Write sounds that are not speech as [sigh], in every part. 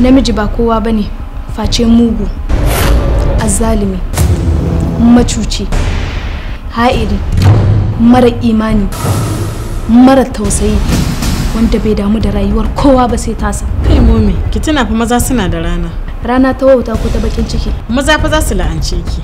namiji ba kowa bane face mugu azalimi macuci ha'iri mara imani mara tausayi wanda bai damu da rayuwar kowa ba sai tasa kai momi ki tuna fa maza suna da rana rana ta wauta ko ta bakin ciki maza fa za su la'ance ki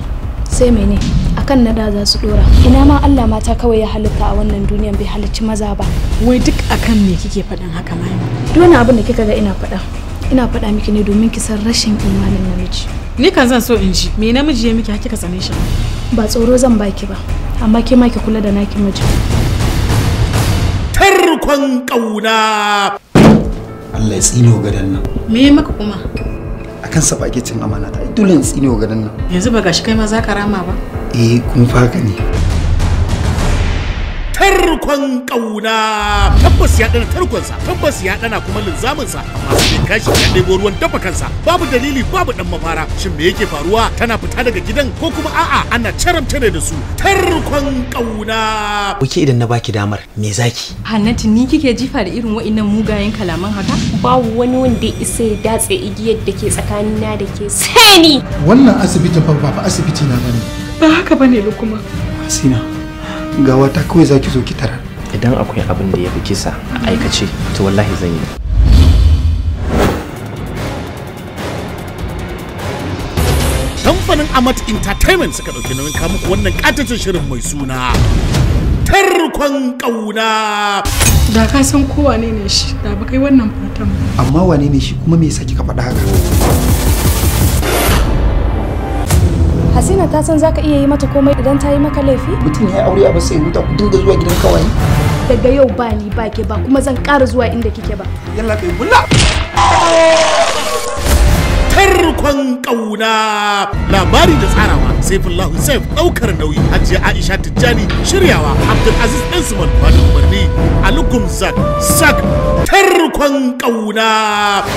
sai mene akan da za su dora ina ma Allah mata kawai ya halitta a wannan duniyan bai halicci maza ba wai duk akan me kike faɗin haka mai dole abin da kika ga ina faɗa ina faɗa miki ne domin ki san rashin imanin namiji ni kan zan so in ji me namiji ya miki har kika tsane shi ba tsoro zan baki ba amma ke ma ki kula da naki miji tarkon kauna Allah ya tsino gadan nan me maka kuma akan sa bakitin amana ta dole in tsino gadan nan yanzu ba gashi kai ma za ka rama ba eh kun faka ne tarkon kauna tabbas ya ɗana tarkonsa tabbas ya ɗana kuma linzaminsa masu bin kashi ya ɗebo ruwan dafa kansa babu dalili babu ɗan mafara shin me yake faruwa tana fita daga gidan ko kuma a'a ana charamta ne da su tarkon ƙauna. Wuke idan na baki damar me zaki? Hannatu ni kike jifa da irin wa'innan mugayen kalaman haka? Babu wani wanda ya isa ya datse igiyar da ke tsakanina da ke sani. Wannan asibitin fa ba asibiti na bane. Ba haka bane lokuma Hasina. ga wata kawai za ki zo ki tara. idan akwai abin da ya fi kisa a aikace to wallahi zan yi kamfanin amat entertainment suka ɗauki nauyin kamu wannan katacin shirin mai suna tarkon ƙauna da ka san ko wane ne shi da ba kai wannan fatan ba amma wane ne shi kuma me yasa kika faɗa haka asina ta san zaka iya yi mata komai idan ta yi maka laifi mutum ya aure a ba sai huta ku dinga zuwa gidan kawai daga yau ba ni ba ke ba kuma zan ƙara zuwa inda kike ba yalla kai bulla sakon kauna labari da tsarawa saifullahu saif daukar nauyi hajiya aisha tijjani shiryawa abdulaziz dan suman ba da umarni alukum zak zak tarkon kauna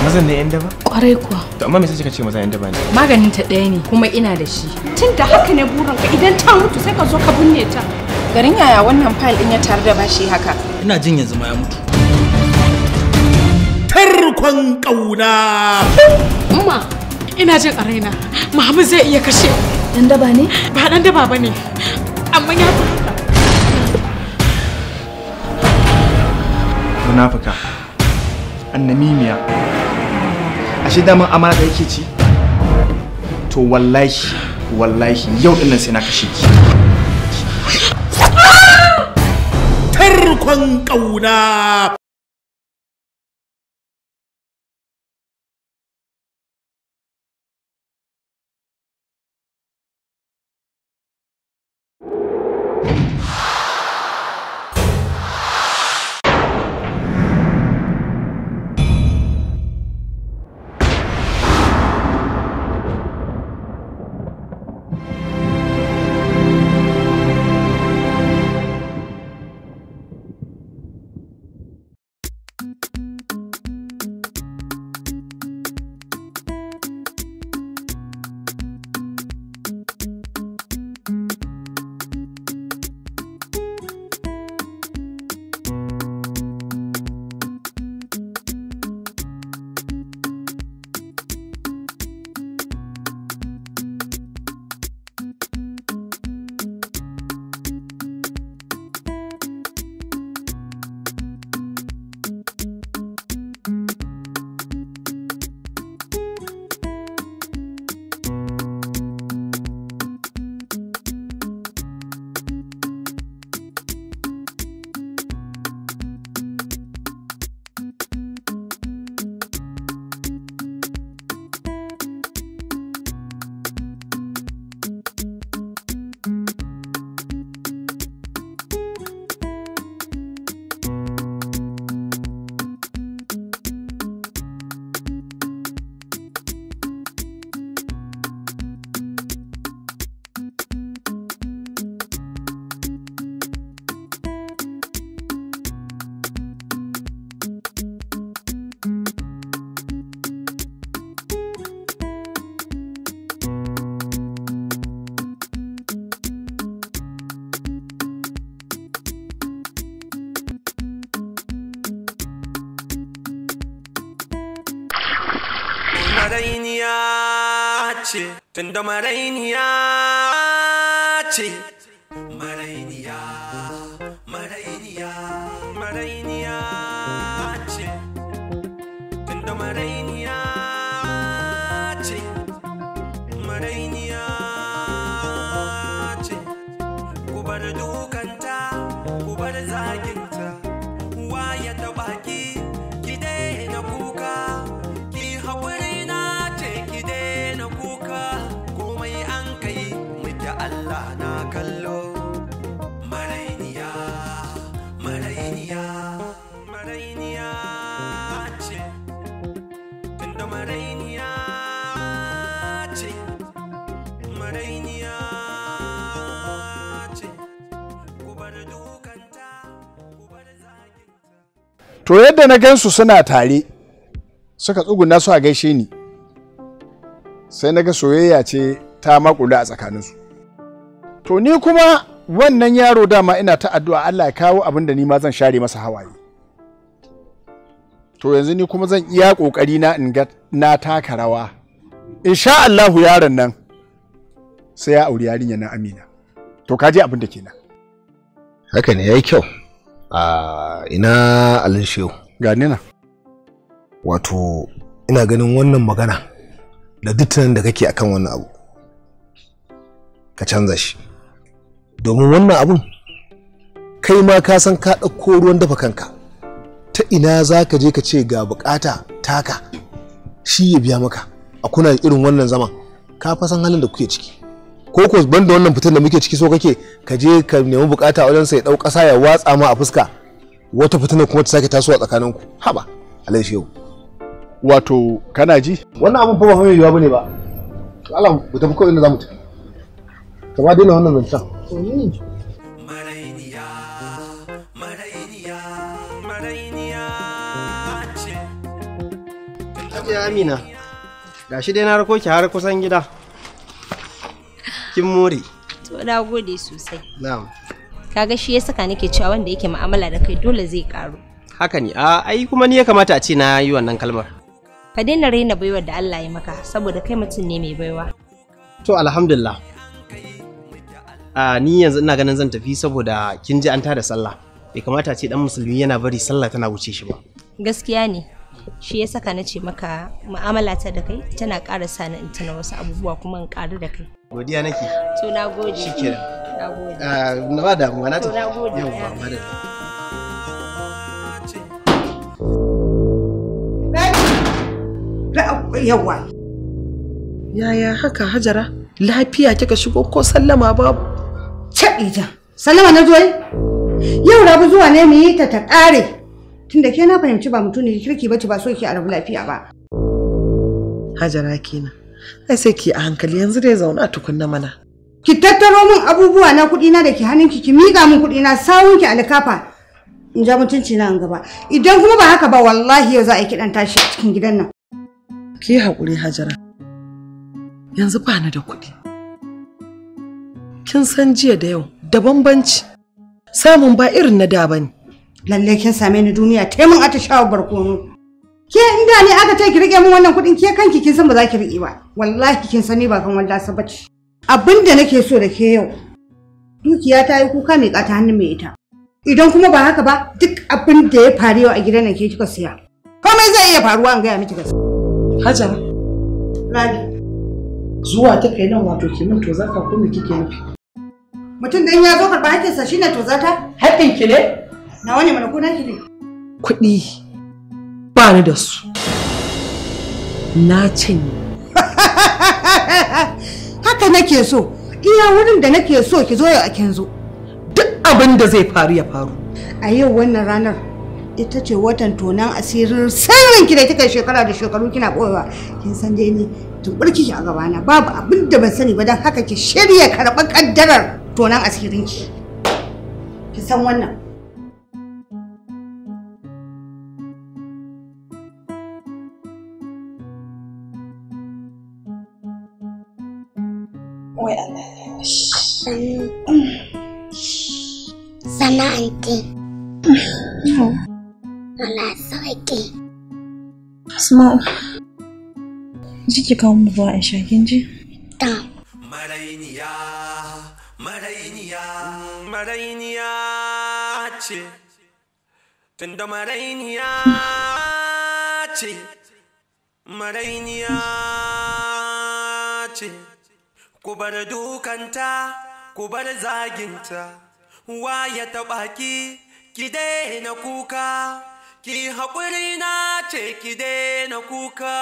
mazan ne yan daba kwarai kuwa to amma me sai kika ce mazan yan daba ne maganin ta ɗaya ne kuma ina da shi tun da haka ne burin ka idan ta mutu sai ka zo ka binne ta garin yaya wannan fayil din ya tare da bashi haka ina jin yanzu ma ya mutu tarkon kauna umma ina jin a raina mahamu zai iya kashe dan daba ne ba dan daba bane amma ya fi haka munafika annamimiya ashe daman amana da yake ci to wallahi wallahi yau nan sai na kashe ki tarkon kauna tunda marainiya ce to yadda na gansu suna tare suka tsuguna su a gaishe ni sai na ga soyayya ce ta makula a tsakaninsu to ni kuma wannan yaro dama ina ta addu'a Allah ya kawo abin da ni ma zan share masa hawaye to yanzu ni kuma zan iya kokari na in ga na taka rawa insha Allahu yaron nan sai ya auri yarinya na Amina to kaje abin da kenan haka ne yayi kyau a ina shehu gani na wato ina ganin wannan magana da dukkanin da kake akan wannan abu ka canza shi domin wannan abun kai ma ka san ka ɗauko ruwan dafa kanka ta ina za ka je ka ce ga bukata taka shi ya biya maka a kuna irin wannan zaman ka fa san halin da kuke ciki ko ko ban da wannan fitan da muke ciki so kake ka je ka nemi bukata wajen sai dau kasa ya watsa ma a fuska wata fitina kuma ta sake tasowa tsakanin ku haba alai shehu wato kana ji wannan abun fa ba mai yiwa bane ba Allah mu tafi ko inda zamu tafi kama daina wannan zancen Amina, gashi dai na rako ki har kusan gida. kin more to na gode sosai na'am kaga shi ya saka nake cewa wanda yake mu'amala da kai dole zai karu haka ne A'a, ah, ai kuma ni ya kamata a ce na yi wannan kalmar ka daina raina baiwar da Allah ya maka saboda kai mutum ne mai baiwa to alhamdulillah a ah, ni yanzu ina ganin zan tafi saboda kin ji an tada sallah bai kamata ce dan musulmi yana bari sallah tana wuce shi ba gaskiya ne shi ya saka na ce maka mu'amala ta da kai tana ƙara sa na in wasu abubuwa kuma in ƙaru da kai godiya nake to na gode shikenan na gode ah, na ba damuwa na gode yau ba mara. da yawa yaya haka hajara lafiya kika shigo ko sallama babu caɗita sallama na zuwa yau rabu zuwa ne mu yi ta ta kare tunda ke na fahimci ba mutum ne kirki ba ce ba so ki a rabu lafiya ba hajara kenan ai sai ki a hankali yanzu dai zauna tukunna mana ki tattaro min abubuwa na kuɗi na da ke hannunki ki miƙa min kuɗi na sawun ki alkafa in ja mutunci na gaba idan kuma ba haka ba wallahi yau za a yi kiɗan tashi a cikin gidan nan ki haƙuri hajara yanzu ba da kuɗi kin san jiya da yau da bambanci samun ba irin na da bane lalle kin same ni duniya taimun atishawa barkono Ke inda ne aka ce ki rike min wannan kuɗin ke kanki kin san ba za ki rike ba. Wallahi kin sani ba kan wanda sa bace. abinda nake so da ke yau. Dukiya ta yi kuka mai kata hannu mai ita. Idan kuma ba haka ba duk abin da ya faru yau a gidan nan ke kika siya. Komai zai iya faruwa an gaya miki gaskiya. Hajara. Rabi. Zuwa ta kai nan wato ki min to zaka ko me kike nufi? Mutum dan ya zo karɓa sa shine to zata? Hakkin ki ne? na wani, mana ko ki ne? Kuɗi. ba ni da su na cinye [laughs] haka nake so iya wurin da nake so ki zo a duk abin da zai faru ya faru a yau wannan ranar ita ce watan tonan asirin sirrin ki da kika shekara da shekaru kina boyewa kin san dai ni tubar ki a gabana babu abin da ban sani ba dan haka ki shirya karɓar kaddarar tonan asirin ki ki san wannan sannu sana'anti Allah sauƙi Asma'u jiki kawo mu ba a shakin ji? Ta. Marainiya, marainiya, marainiya ce, tunda marainiya ce, marainiya ce, ku bar dukanta. ku bar zaginta ya taɓa ki ki daina kuka ki haƙuri na ce ki daina kuka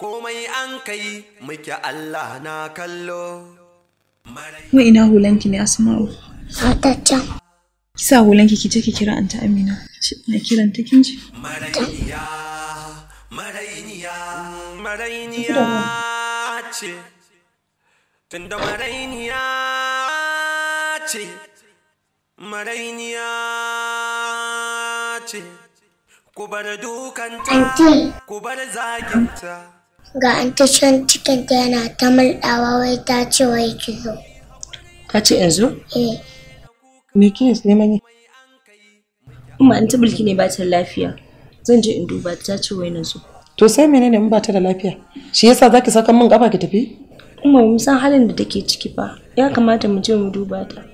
komai an kai muke Allah na kallo wa ina hulanki ne asma'u ta. ki sa hulanki ki je ki kira anta amina na kiran ta kinji marainiya marainiya marainiya ce tunda marainiya ce marainiya ce ku bar dukanta ku bar zaginta ga antashan cikin ta yana ta mulɗawa wai ta ce wai ki zo ta ce zo eh me kike neman mani amma an tabulki ne ba ta lafiya zan je in duba ta ce wai na zo to sai menene in ba ta da lafiya shi yasa zaki saka min kafa ki tafi umma mun san halin da take ciki fa ya kamata mu je mu duba ta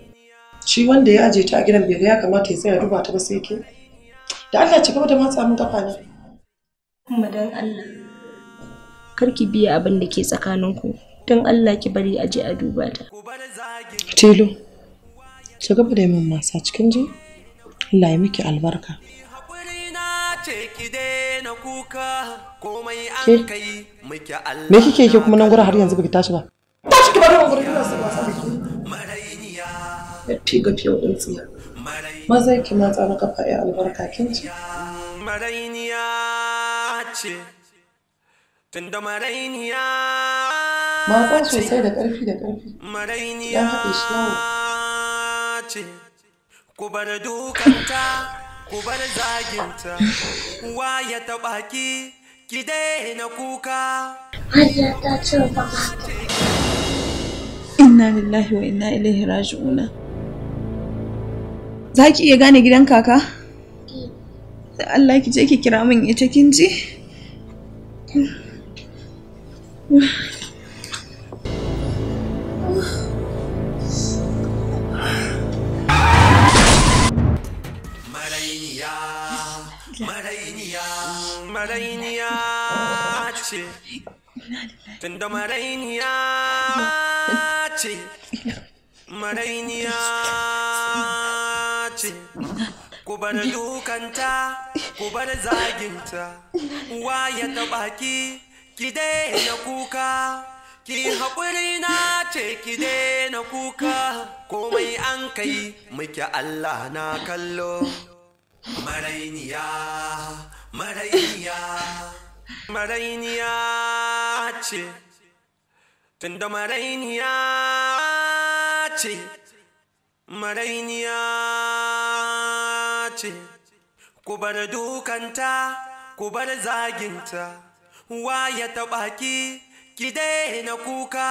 shi wanda ya aje ta a gidan bai ya kamata ya tsaya duba ta ba sai ke da Allah ci gaba da matsa min gafa ne kuma dan Allah kar ki biya abin da ke tsakaninku don Allah ki bari aje a duba ta tilo ci gaba da min masa cikin ji Allah ya miki albarka me kike ke kuma nan gura har yanzu baki tashi ba tashi ki bari mun gurin kina sa wasa da da figa fiye ɗin tsiya maza ki matsa na kafa ya albarka kin ci marainiya ce tunda marainiya matsa sosai da ƙarfi da ƙarfi marainiya haɗe shi ce ku bar dukanta ku bar zaginta wa ya taɓa ki ki daina kuka ta ce ba Inna lillahi wa inna ilaihi raji'una. za ki iya gane gidan kaka? Eh. da Allah ki je ki kira min ita kin ji? marainiya ce marainiya ce marainiya ce ku bar dukanta ku bar zaginta uwa ya taba ki ki daina kuka ki haƙuri na ce ki daina kuka komai an kai muke Allah na kallo marainiya marainiya marainiya ce tunda marainiya ce marainiya ce ku bar dukanta ku bar zaginta ya taɓa ki ki daina kuka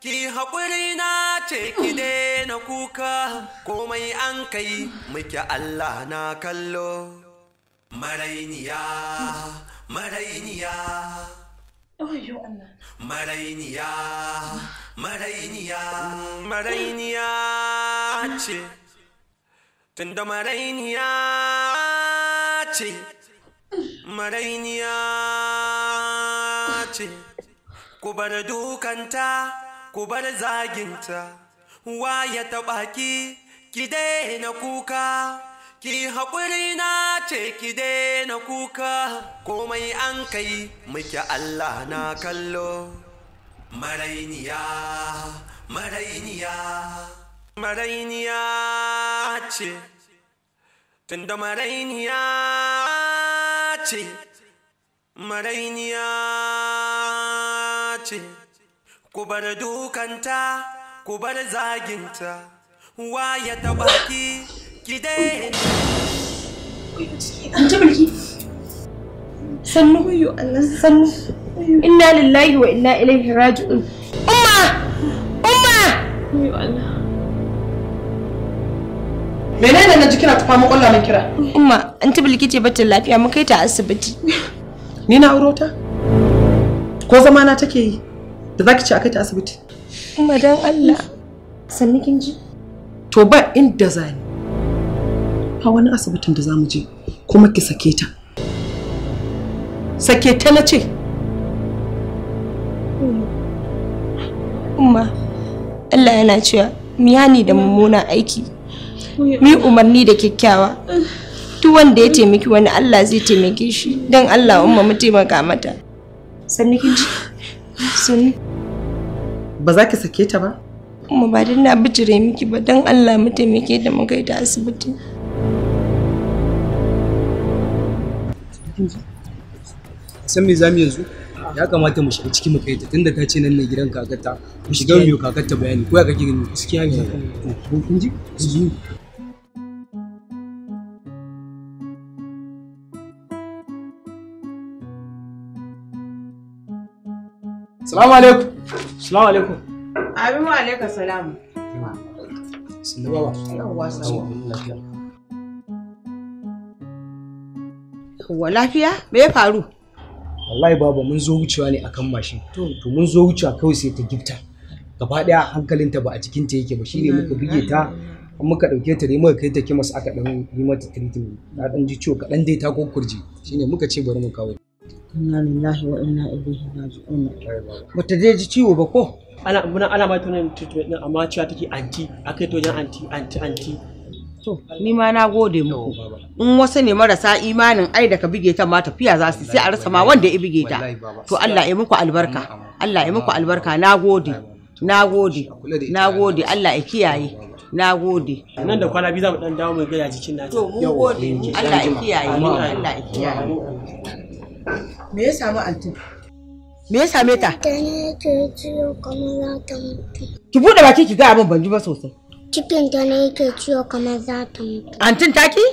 ki haƙuri na ce ki daina kuka komai an kai muke Allah na kallo marainiya marainiya marainiya marainiya marainiya ce tunda marainiya ce marainiya ce ku bar dukanta ku bar zaginta ya taɓa ki ki daina kuka ki haƙuri na ce ki daina kuka komai an kai muke Allah na kallo marainiya marainiya marainiya ce tunda marainiya ce marainiya ce ku bar dukanta ku bar zaginta waya ta baki ki daina an sannu huyo Allah sannu inna lillahi wa inna ilaihi raji'un umma umma huyo Allah menene na jikina kina ta fama kira umma an tabi likita batun lafiya mu kai ta asibiti ni na auro ta ko zama na take yi da zaki ce akai ta asibiti umma dan Allah sanni kin ji to ba inda zani a wani asibitin da zamu je kuma ki sake ta sake ta na ce umma Allah yana cewa miyani da mummuna aiki mi umarni da kyakkyawa duk wanda ya taimaki wani Allah zai taimake shi don Allah umma mu taimaka mata sanni kin ji sanni ba za ki sake ta ba umma ba dan na bijire miki ba don Allah mu taimake da mu kai ta asibiti san me zamu yanzu ya kamata mu shiga ciki mu kai ta tunda ta ce nan ne gidan kakarta mu shiga mu kakarta bayani ko ya kake gani gaskiya ne kun ji Salamu alaikum. Salamu alaikum. Abin wa salam. baba. Yawwa Yawwa lafiya? Me ya faru? Wallahi baba mun zo wucewa ne akan mashin. To mun zo wucewa kawai sai ta gifta. Gaba ɗaya hankalinta ba a ta yake ba shine muka bige ta an muka ɗauke ta ne muka kai ta kimas aka ɗan yi mata treatment na ɗan ji ciwo kaɗan dai ta kokurje shine muka ce bari mu kawo inna lillahi wa inna ilaihi raji'un bata je ji ciwo ba ko ana muna ana ma tunan treatment din amma cewa take anti akai to jan anti anti anti to ni ma na gode muku in wasu ne marasa imanin ai da ka bige ta ma tafiya za su sai a rasa ma wanda ya bige ta to Allah ya muku albarka Allah ya muku albarka na gode na gode na gode Allah ya kiyaye na gode nan da kwana biyu za mu dan dawo mu gaya jikin na to mun gode Allah ya kiyaye Allah ya kiyaye Me ya samu antin? Me ya same ta? Ta ne yake ciwo kamar za ta mutu. Ki buɗe baki ki ga abin ban ji ba sosai. Cikin ta ne yake ciwo kamar za ta mutu. Antin ta ki?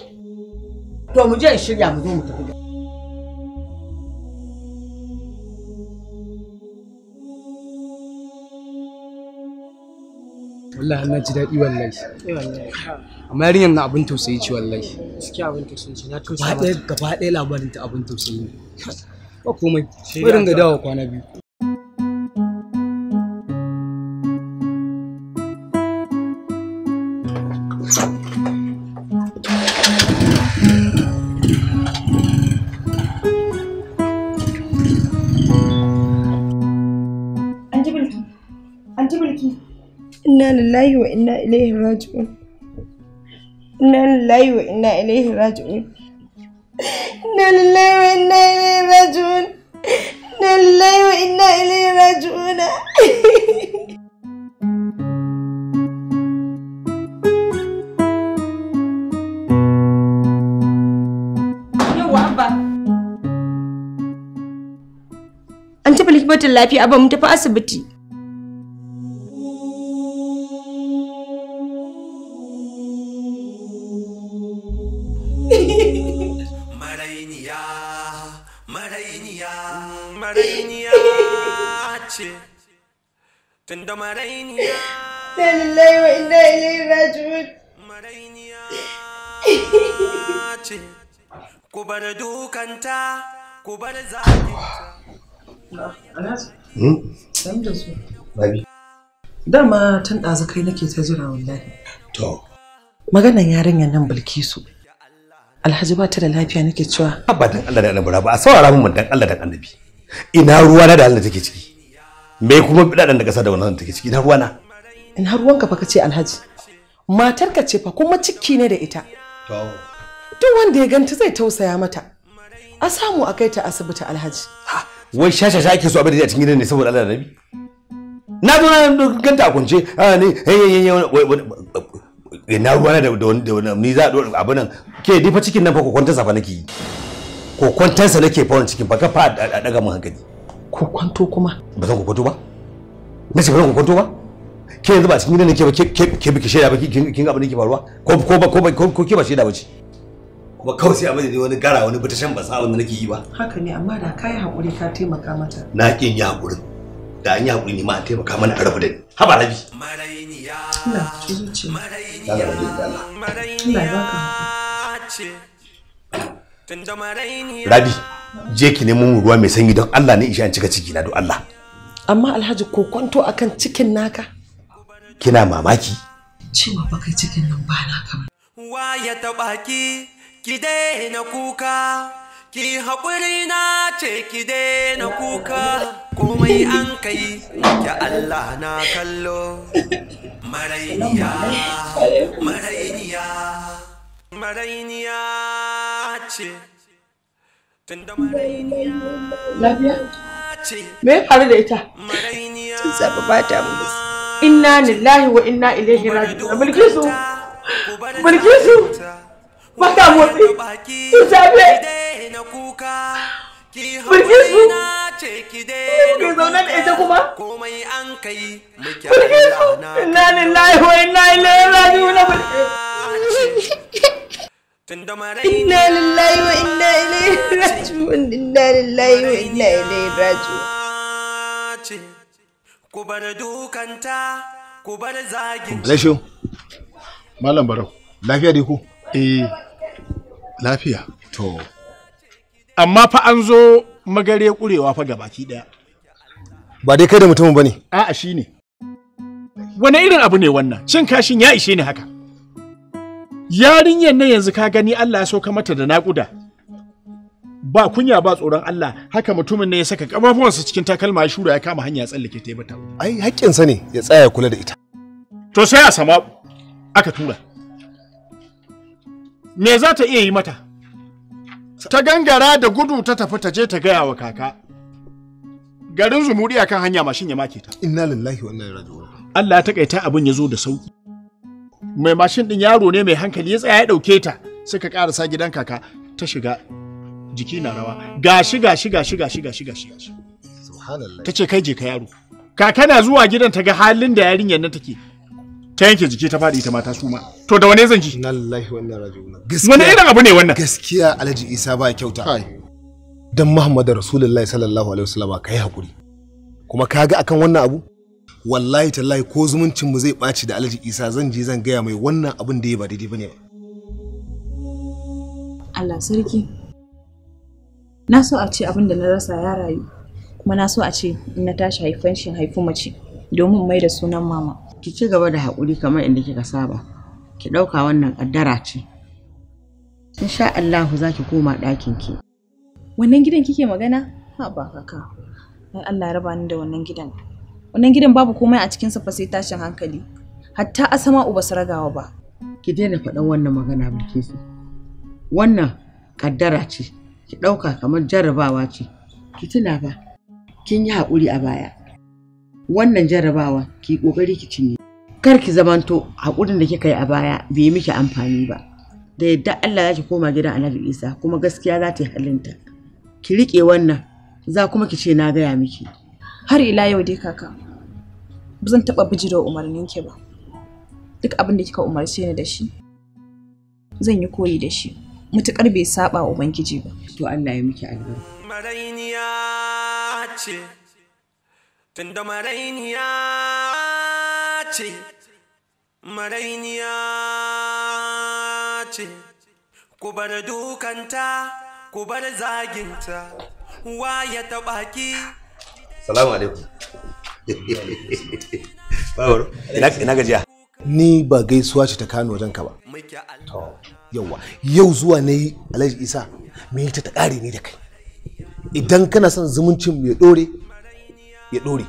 To mu je in shirya mu zo mu tafi. wallahi na ji daɗi wallahi eh, amma yarinyar na abin tausayi ce wallahi suke abin tausayi na tausaya gaba ɗaya labarin ta abin tausayi ne ba komai sai dinga dawo kwana biyu lillahi wa inna wa inna ilaihi raji'un inna lillahi wa inna ilaihi raji'un An tafi lafiya ba mu tafi asibiti. tunda marainiya na wa inna ilaihi raji'un marainiya [laughs] ce ku bar dukanta ku bar zaɓinta dama tun ɗazu kai nake ta jira wallahi to maganan yarinyar nan bilkisu alhaji ba ta da lafiya nake cewa abadan Allah da annabi ba a saurara mun dan Allah da annabi ina ruwa na da Allah take ciki me kuma bidadan da kasa da wannan take ciki na ruwana in har ruwanka fa kace alhaji ka ce fa kuma ciki ne da ita to duk wanda ya ganta zai tausaya mata a samu a kai ta asibiti alhaji wai shasha sha ake so abin da a cikin gidan ne saboda Allah da nabi na zo na ganta a kunce a ne eh, eh, eh, na ruwana da wani ni za a dora abin nan ke difa cikin nan fa ko kwantarsa fa nake yi ko kwantarsa nake fa wani cikin fa ka fa a daga mun hankali ko kwanto kuma ba zan ku kwanto ba na kwanto ba ke yanzu ba cikin ko ko ba ko ko ke ba shaida ba ce kuma kawai sai a wani gara wani ba da nake yi ba haka ne amma da kai hakuri ka taimaka mata na kin yi hakurin da an yi hakuri a taimaka da ni haba rabi ki je ki nemo ruwa mai sanyi don Allah ne isha an cika ciki na don Allah amma alhaji ko kwanto akan cikin naka kina mamaki cewa baka cikin nan ba naka wa ya tabaki ki na kuka ki haƙuri na ce ki na kuka komai an kai ya Allah na kallo marainiya marainiya marainiya ce Lafiya? Me ya faru da ita? Tun safe ba ta mu. Inna lillahi wa inna ilaihi raji'un. Bilkisu. Bilkisu. Ba ta motsi. Tun safe. Bilkisu. Ke zaune da ita kuma? Bilkisu. Inna lillahi wa inna ilaihi raji'un. Bilkisu. [laughs] Inna lillahi wa inna ilaihi raji'un inna lillahi wa inna ilaihi raji'un ku bar dukanta ku bar zagin Malam Barau lafiya dai ku eh lafiya to amma fa an zo magare kurewa fa gabaki daya ba dai kai da mutumin bane a'a shine wani irin abu ne wannan cin kashin ya ishe ni haka yarinyar nan yanzu ka gani Allah ya sauka mata da naƙuda ba kunya ba tsoron Allah haka mutumin ne ya saka kafafuwansa cikin takalma ya shura ya kama hanya tsallake ta bata ai sa ne ya tsaya kula da ita to sai a sama aka tura me za ta iya yi mata ta gangara da gudu ta tafi ta je ta gaya wa kaka garin zumudi akan hanya mashin ya make ta inna lillahi wa inna ilaihi raji'un Allah ya takaita abin ya zo da sauki mai mashin din yaro ne mai hankali ya tsaya ya dauke ta suka karasa gidan kaka ta shiga jiki na rawa gashi gashi gashi gashi gashi gashi gashi subhanallah tace kai je ka yaro kaka na zuwa gidan ta ga halin da yarinyar nan take ta yanke jiki ta faɗi ita mata su suma to da wane zan ji wallahi wannan rajulun wani irin abu ne wannan gaskiya alhaji isa ba kyauta dan muhammadu rasulullahi sallallahu alaihi wasallam kai hakuri kuma kaga akan wannan abu wallahi tallahi ko zumuncin mu zai ɓaci da alhaji isa zan je zan gaya mai wannan abin da ya ba daidai bane ba Allah sarki na so a ce abin da na rasa ya rayu kuma na so a ce in na tashi haifan shi haifi mace domin mai da sunan mama ki ci gaba da hakuri kamar inda kika saba ki ɗauka wannan ƙaddara ce insha Allah za ki koma ɗakin ki wannan gidan kike magana ha ba haka Allah ya raba ni da wannan gidan wannan gidan babu komai a cikinsa fa sai tashin hankali hatta asama uba saragawa ba ki daina faɗan wannan magana bilkisu wannan kaddara ce ki ɗauka kamar jarrabawa ce ki tuna ba kin yi haƙuri a baya wannan jarrabawa ki ƙoƙari ki cinye kar ki zamanto haƙurin da kika yi a baya bai miki amfani ba da yadda Allah ya ki koma gidan Annabi Isa kuma gaskiya za ta yi halinta ki riƙe wannan za kuma ki ce na gaya miki har ila yau dai kaka ba zan taɓa umarnin ki ba duk abin da kika umarce ni da shi zan yi koyi da shi mutukar bai saba wa ubangiji ba to Allah ya miki albarka marainiya ce tunda marainiya ce marainiya ce ku bar dukanta ku bar zaginta wa ya baki. salamu alaikum gajiya ni ba gaisuwa ce ta kano wajen ka ba yauwa yau zuwa na yi alhaji isa me ta ta kare ni da kai idan kana son zumuncin mai ɗore ya ɗore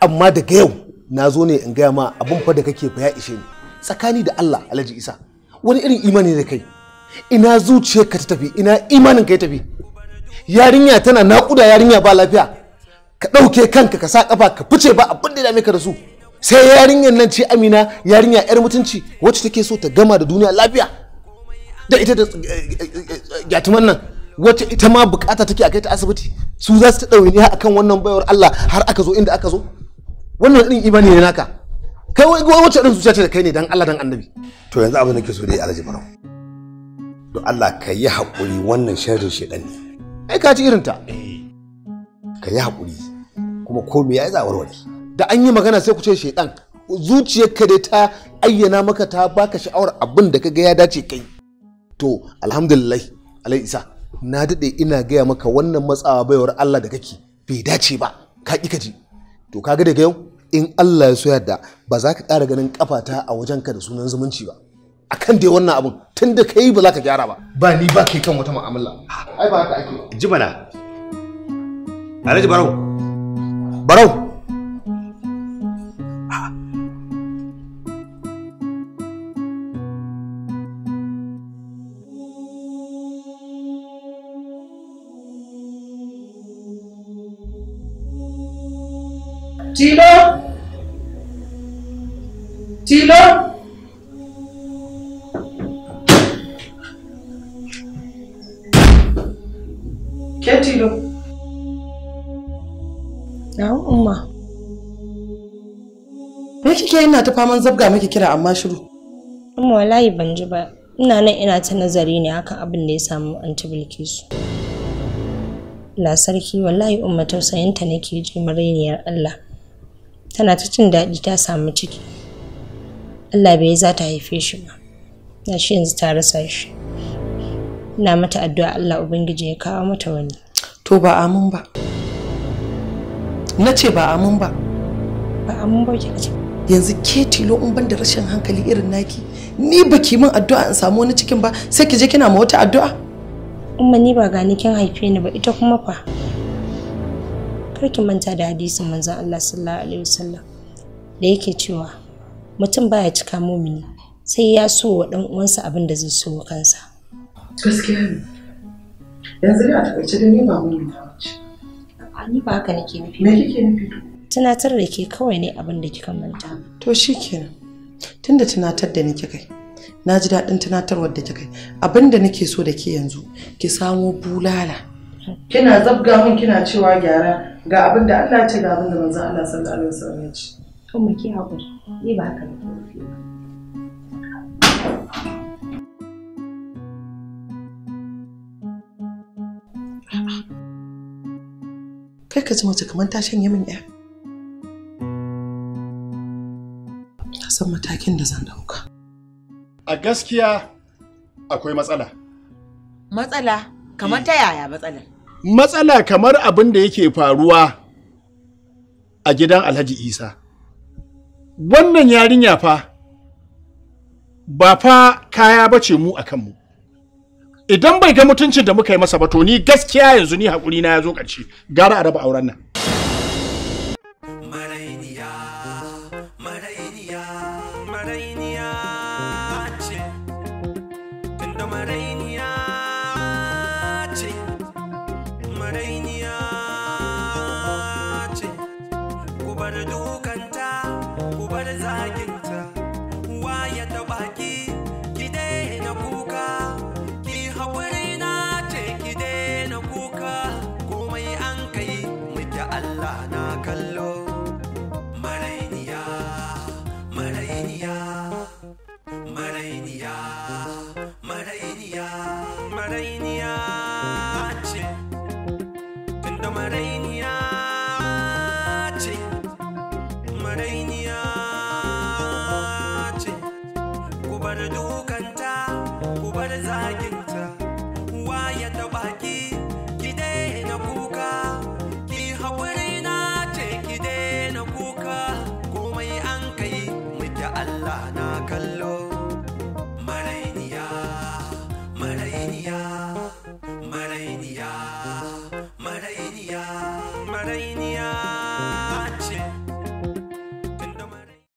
amma daga yau na zo ne in gaya ma abin fa da kake fa ya ishe ni tsakani da allah alhaji isa wani irin imani da kai ina zuciyarka ta tafi ina imanin ka ya tafi yarinya tana naƙuda yarinya ba lafiya ka ɗauke kanka ka sa ƙafa ka fice ba abin da dame ka da su sai yarinyar nan ce amina yarinya yar mutunci wacce take so ta gama da duniya lafiya da ita da eh, eh, eh, gyatuman nan wacce ita ma bukata take a kai ta asibiti su za su ta ni akan wannan bayar Allah har aka zo inda aka zo wannan ɗin imani ne naka kai wai wacce ɗin zuciya ce da kai ne dan Allah dan annabi to yanzu abin da ke so dai Alhaji Barau to Allah ka yi haƙuri wannan sharri shedan ne ai ka ci irin ta ka yi haƙuri kuma ko ya yi zawarwari. da an yi magana sai ku ce shaidan ka dai ta ayyana maka ta baka sha'awar abin da ka ga ya dace kai to alhamdulillah alai isa na daɗe ina gaya maka wannan matsawa baiwar Allah da kake bai dace ba ka ƙi ka ji to kaga daga yau in Allah ya so yadda ba za ka ƙara ganin kafata a ka da sunan zumunci ba akan dai wannan abun tunda da kai ba za ka gyara ba ba ni ba kai kan wata mu'amala ai ba haka ake ji bana Alhaji Barau barau Tilo? Tilo? Gaskiya ina ta faman zabga miki kira amma shiru. Amma wallahi ban ji ba. Ina nan ina ta nazari ne akan abin da ya samu an Bilkisu. La sarki wallahi umma tausayinta nake ji mariniyar Allah. Tana ta cin daɗi ta samu ciki. Allah bai za ta haife shi ba. Na shi yanzu ta rasa shi. Ina mata addu'a Allah Ubangiji ya kawo mata wani. To ba amin ba. Na ce ba amin ba. Ba amin ba kika ce. yanzu ke tilo in ban da rashin hankali irin naki ni baki min addu'a in samu wani cikin ba sai ki je kina ma wata addu'a umma ni ba gani kin haife ni ba ita kuma fa kar ki manta da hadisin manzo Allah sallallahu alaihi wasallam da yake cewa mutum baya cika mumini sai ya so wa dan uwansa abin da zai so kansa gaskiya ne yanzu ne a takaice da ni ba mumini ba ni ba haka nake nufi me kike nufi tunatar da ke kawai ne abin da kika manta to shi kenan. tunda tunatar da ni kika na ji daɗin tunatarwar da kika abin da nake so da ke yanzu ki samo bulala kina zabga mun kina cewa gyara ga abin da Allah ce ga abin da manzon Allah sallallahu alaihi wasallam ya ce kuma ki hakuri ni ba haka ne kai ka ji mace kamar ta shanye min 'ya san matakin da zan ɗauka. A gaskiya akwai matsala. Matsala? Kamar ta yaya matsala. Matsala kamar abin da yake faruwa a gidan Alhaji Isa. Wannan yarinya fa ba fa kaya ba ce mu a kanmu. Idan bai ga mutuncin da muka yi masa ba to ni gaskiya yanzu ni haƙuri na ya zo ƙarshe gara a raba auren nan.